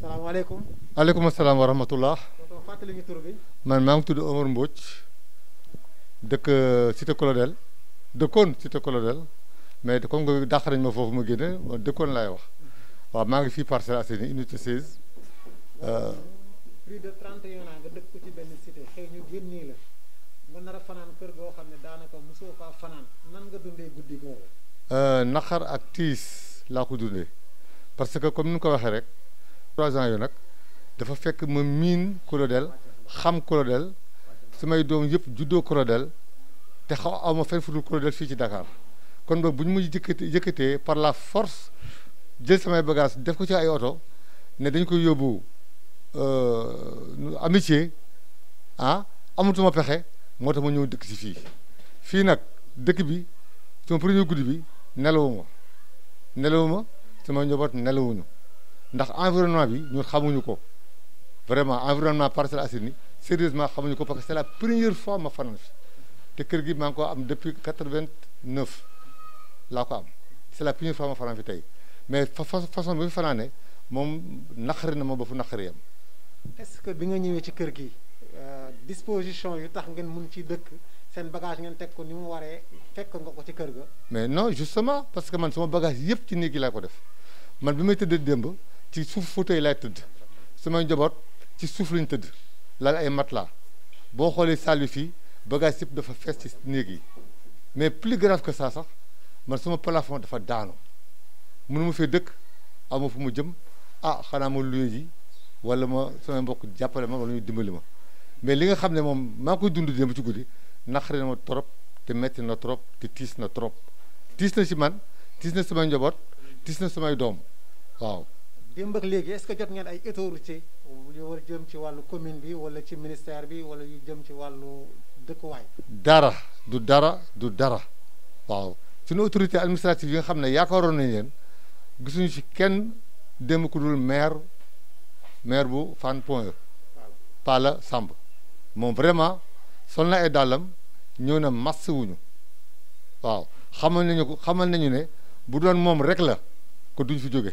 salaamaaleykum. aleykum salaam wa man maa ngi tudd Omar Mbodj dëkk euh, cité Colonel dëkkoon cité Colonel mais comme nga dàq nañ ma foofu mu génne dëkkoon laay wax waaw maa ngi fii Parcelles Assainies unité 16. Euh, plus de 31 ans nga dëkk ci benn cité xëy ñu génnee la nga nar fanaan kër goo xam ne daanaka mosoo faa fanaan nan nga dundee guddi googu. Euh, naqar ak tiis laa ko dundee parce que comme ni ko waxee rek trois ans nag dafa fekk ma miin Claudel xam Claudel samay doom yëpp juddoo Claudel te xaw awma fenn fu dul Claudel fii ci Dakar kon ba bu ñu mujj jëkkate yëkkatee par la force jël samay bagage def ko ci ay oto ne dañ koy yóbbu euh, amitié ah amatuma pexe moo tax ma ñëw dëkk si fii fii nag dëkk bi sama ñëw guddi bi nelawuma nelawuma sama njaboot nelawuñu ndax environnement bi ñu xamuñu ko vraiment environnement Parcelles Assainies sérieusement xamuñu ko parce que c'est la première fois ma fanaan fi te kër gi maa ngi ko am depuis quatre-vingt-neuf laa ko am c'est la première fois ma fanaan fi tey mais façon bi fanaane moom naqari na ma ba fu naqari yam est-ce que bi nga ñëwee ci kër gi euh, disposition yu tax ngeen mun ci dëkk seen bagage ngeen teg ko ni mu waree fekk nga ko ci kër ga. mais non justement parce que man sama bagage yëpp ci néeg yi laa ko def man bi may tëdd démb ci suuf fauteuil laay tëdd samay njaboot ci suuf lañ tëdd lal ay mat laa boo xoolee salle bi fii bagage yëpp dafa fees ci néeg yi mais plus grave que ça sax man sama plafond dafa daanu mënu ma fee dëkk amu fu mu jëm ah xanaa ma luye ji wala ma sama mbokk jàppale ma wala ñu dimbali ma mais li nga xam ne moom maa ngi dund démb ci guddi. naqari na ma trop te metti na trop te tiis na trop tiis na si man tiis na samay njaboot tiis na samay doom waaw. démb léegi est-ce que jot ngeen ay autorité yu jëm ci wàllu commune bi wala ci ministère bi wala yu jëm ci wàllu dëkkuwaay. dara du dara du dara waaw suñu autorité administrative yi nga xam ne yaakaaroon nañ leen gisuñu ci kenn dem ku maire maire bu Fann Point E Pala Samb moom vraiment. sol na ay dàllam ñëw na mass wuñu waaw xamal nañu ko xamal nañu ne bu doon moom rek la ko duñ fi jóge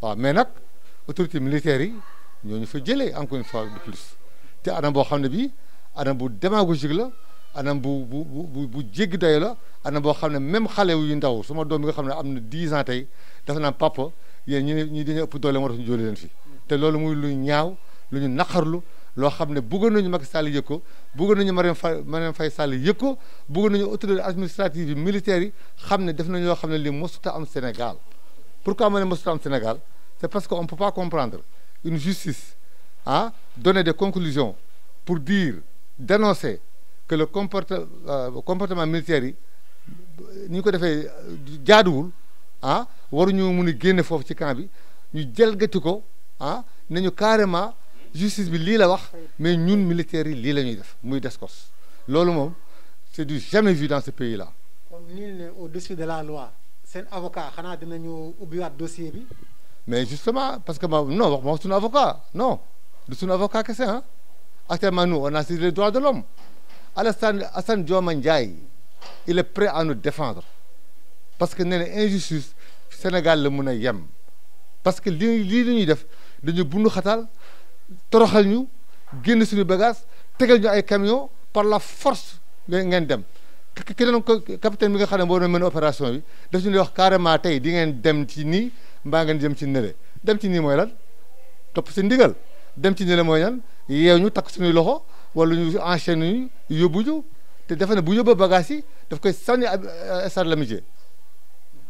waaw mais nag autorité militaire yi ñooñu fa jëlee encore une fois de plus te anam boo xam ne bii anam bu démagogique la anam bu bu bu bu jéggi dayo la anam boo xam ne même xale yu ndaw suma doom bi nga xam ne am na 10 ans tey dafa naa papa yéen ñi ñi dañu ëpp doole moo tax ñu jóole leen fi te loolu muy lu ñaaw lu ñu naqarlu loo xam ne bëggoon nañu Macky Sall yëg ko bëggoon nañu Marième Faye Marième Faye Sall ko bëggoon nañu autorité administrative yi militaires yi xam ne def nañ loo xam ne li mosuta am Sénégal pourquoi ma ne mosuta am Sénégal c'est parce que on peut pas comprendre une justice ah donner des conclusions pour dire dénoncer que le comporte euh, comportement militaire yi euh, ni ñu ko defee euh, jaaduwul ah waruñu mun a génne foofu ci camp bi ñu jalgati ko ah nañu carrément justice bi lii la wax mais ñun militaires yi lii la ñuy def muy descos loolu moom c'est du jamais vu dans ce pays là. comme nul n'est au-dessus de la loi seen avocat xanaa dinañu ubbiwaat dossier bi. mais justement parce que ma non wax ma suñu avocat non du suñu avocat kese ah actuellement nous on a saisi les droits de l'homme Alassane Assane Dioma Ndiaye il est prêt à nous défendre parce que nee na injustice Sénégal la mën a yem parce que li lii ñuy def dañu bundu xataal. toroxal ñu génn suñu bagage tegal ñu ay camion par la force ngeen dem ki doon ko capitaine bi nga xam ne moo doon mën opération bi daf ñu wax carrément tey di ngeen dem ci nii mbaa ngeen jëm ci nële dem ci nii mooy lan topp si ndigal dem ci nële mooy lan yeew ñu takk suñuy loxo wala ñu enchaîne ñu yóbbu ñu te defe ne bu yóbba bagage yi daf koy sànni euh, stade Lamine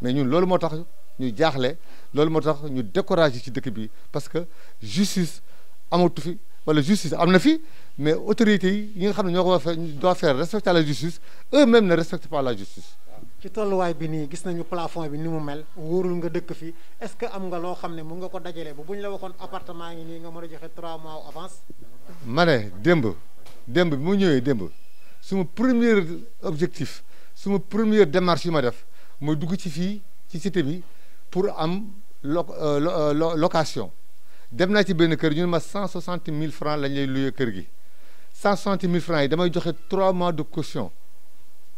mais ñun loolu moo tax ñu jaaxle loolu moo tax ñu décorage ci dëkk bi parce que justice amatu fi wala justice am na fi mais autorité yi yi nga xam ne ñoo ko war a doit faire respecter la justice eux-mêmes ne respectent pas la justice. ci tolluwaay bi nii gis nañu plafond bi ni mu mel wóorul nga dëkk fii est-ce que am nga loo xam ne mun nga ko dajalee bu buñ la waxoon appartement yi nii nga mën a joxe trois mois avance. ma ne démb démb bi mu ñëwee démb suma premier objectif suma première démarche yi ma def mooy dugg ci fii ci cité bi pour am lo euh, euh, location. dem naa ci benn kër ñu ma cent soixante mille francs lañ lay luye kër gi cent mille francs yi damay joxe trois mois de caution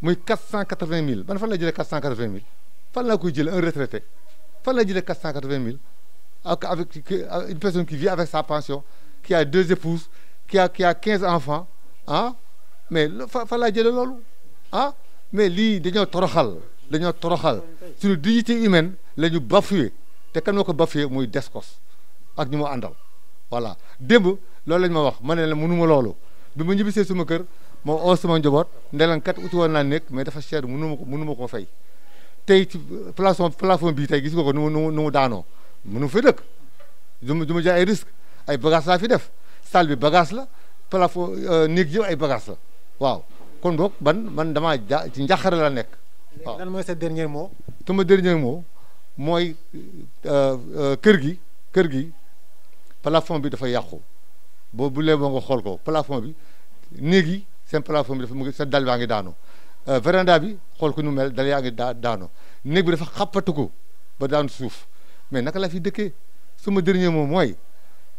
muy quatre cent quatre vingt mille man fan la jëlee quatre cent quatre vingt mille fan laa koy jëlee un retraité fan la jëlee quatre cent quatre vingt mille ak avec une personne qui vit avec sa pension qui a deux épouses ah? mais fa fan laa jëlee loolu ah mais lii dañoo toroxal dañoo toroxal suñu dignité humaine la ñu bafoué te kan moo ko bafoué muy Descos ak ñu mu àndal voilà démb loolu lañ ma wax ma ne la mënu ma loolu bi ma ñibbisee suma kër ma oo sama njaboot ndelan kat uti woon naa nekk mais dafa cher mënu ma ko mënu fay tey ci plafond plafond bii tey gis nga ko nu mu nu nu mu daanoo mënu fa dëkk du ma du ma jaay ay risque ay laa fi def salle bi bagage la plafond euh, néeg yi ay bagage la waaw kon boog ban man damaa ja ci njàqare la nekk. waaw lan mooy sa dernier mot. sama dernier mooy euh, euh, kër gi kër gi. plafond bi dafa yàqu boobu bu lee boo nga xool ko plafond bi néeg yi seen plafond bi dafa mu ngi seen dal baa ngi daanu euh, véranda bi xool ko nu mel dal yaa ngi daa daanu néeg bi dafa xappatuko ba daan suuf mais naka la fi dëkkee suma dernier mot mooy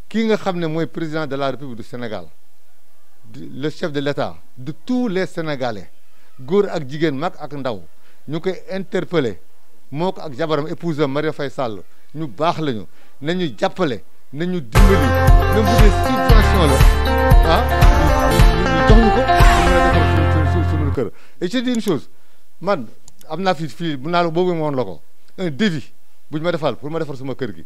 kii nga xam ne mooy président de la république du Sénégal le chef de l'État de tous les Sénégalais góor ak jigéen mag ak ndaw ñu koy interpellé moo ko ak jabaram épouse Marième Faye Sall ñu baax lañu nañu jàppale nañu dimbali même bu dee subvention la ah ñu jox ñu ko ñu defal suñu kër et je dis une chose man am naa fi fii bu naa la boobu ma woon la bu ñu ma defal pour ma defar suma kër gi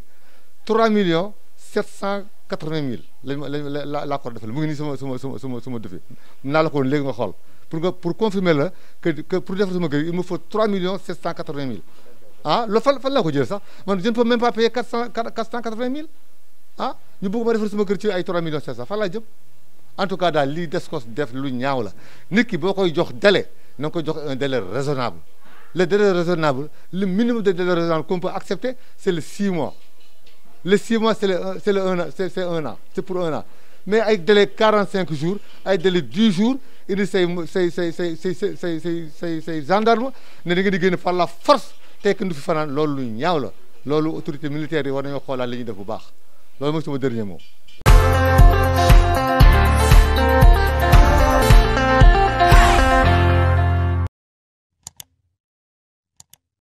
3 millions 780 mille lañ ma la la laa ko defal mu nga xool pour nga la que defar suma kër gi il me faut 3 millions 780 mille ah loolu fan fan laa ko jël sax man je ne peux même pas payer 400 480 mille. ah ñu bëgg ma defar sama kër ci ay 3 millions 500 fan laa jëm en tout cas daal lii Descos def lu ñaaw la nit ki boo koy jox délai na nga koy jox un délai raisonnable le délai raisonnable le minimum de délai raisonnable qu'on peut accepter c'est le 6 mois le 6 mois c'est le c'est le 1 an c'est un an c'est pour un an mais ay délai 45 jours ay délai 10 jours indi say say say say say say say say say gendarme ne da ngeen di génn par la force tekk ndu fi fanaan loolu lu ñaaw la loolu autorité militaire yi war nañoo xoolaat li ñuy def bu baax loolu mooy sama dernier mot.